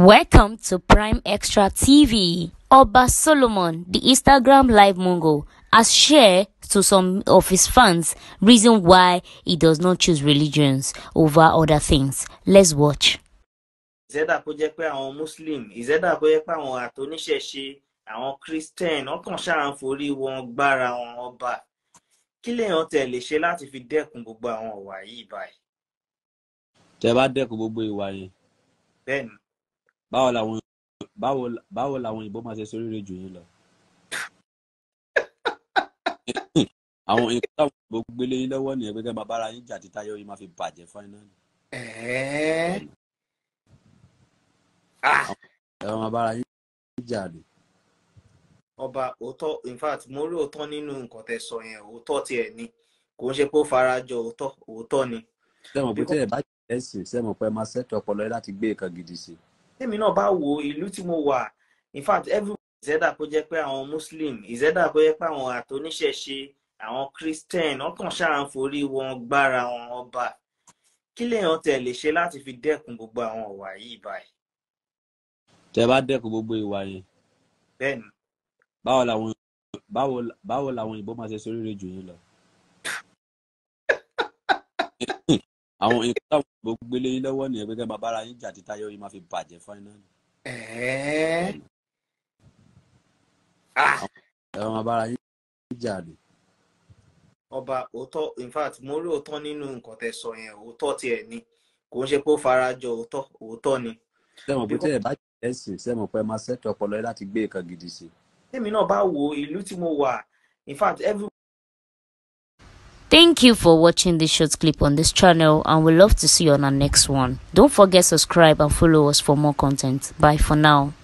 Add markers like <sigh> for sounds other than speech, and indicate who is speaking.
Speaker 1: Welcome to Prime Extra TV. Oba Solomon, the Instagram live mogul, has shared to some of his fans reason why he does not choose religions over other things. Let's watch.
Speaker 2: Ìzẹ́dà kó jẹ́ pé àwọn Muslim, ìzẹ́dà kó jẹ́ pé àwọn àtòníṣẹ̀ṣe, àwọn Christian, wọ́n kàn ṣáà ń forí wọn gbára wọn ọba. Kí lèèyàn tẹ̀ lè ṣe láti fi dẹ́kun gbogbo àwọn ìwà yìí báyìí?
Speaker 3: Tẹ bá dẹ́kun gbogbo ìwà yẹn. Bẹ́ẹ̀ni báwo làwọn báwo báwo làwọn òyìnbó máa ṣe ṣoríire jù yín lọ. <laughs> àwọn òyìnbó táwọn òyìnbó gbélé yín lọ́wọ́ nìyẹn pé kẹ́ máa bára yín jà títa yóò yín máa fi bàjẹ́ fáínálì.
Speaker 4: ẹ̀rọ ah. máa bára yín jà lè.
Speaker 2: ọba òótọ́ in fact mo rí òótọ́ nínú nǹkan tẹ́ sọ yẹn òótọ́ tiẹ̀ ni kò ń ṣe pé ó fara jọ òótọ́ òótọ́ ni. sẹ́wọ̀n bó tẹ̀ bá
Speaker 3: jẹ́ ẹ̀sìn sẹ́wọ̀n pé máa ṣètò ọpọlọ láti gbé nǹkan gidi sí i
Speaker 2: tèmi náà bá wo ìlú tí mo wà in fact every ìzẹ́dà kó jẹ́ pé àwọn muslim ìzẹ́dà kó jẹ́ pé àwọn àtòníṣẹ̀ṣe àwọn christian wọ́n kàn ṣáà ń forí wọn gbára wọn ọba kí lèèyàn tẹ̀ lè ṣe láti fi dẹ́kun gbogbo àwọn ọ̀wà yìí báyìí.
Speaker 3: tẹ bá dẹ́kun gbogbo ìwà yẹn. bẹ́ẹ̀ni. báwo làwọn báwo máa ṣe ṣoríire jù yín lọ. àwọn nǹkan táwọn òyìnbó gbélé lọ́wọ́ nìyẹn pé kẹ́ yín jà tí yìí máa fi bàjẹ́ fáínàlì.
Speaker 4: Ah! àwọn bàbá yín jà lè.
Speaker 2: ọba òótọ́ in fact mo rí òótọ́ nínú nǹkan tẹ́ sọ yẹn òótọ́ tiẹ̀ ni kò ń ṣe pé ó fara jọ òótọ́ òótọ́ ni. sẹ́wọ̀n bó tẹ̀ bá
Speaker 3: ẹ̀sìn sẹ́wọ̀n pé máa ṣẹ́tọ̀ ọpọlọ yẹn láti gbé nǹkan gidi sí.
Speaker 2: tèmi náà bá wo ìlú tí mo wà in every
Speaker 1: Thank you for watching this short clip on this channel and we love to see you on our next one. Don't forget subscribe and follow us for more content. Bye for now.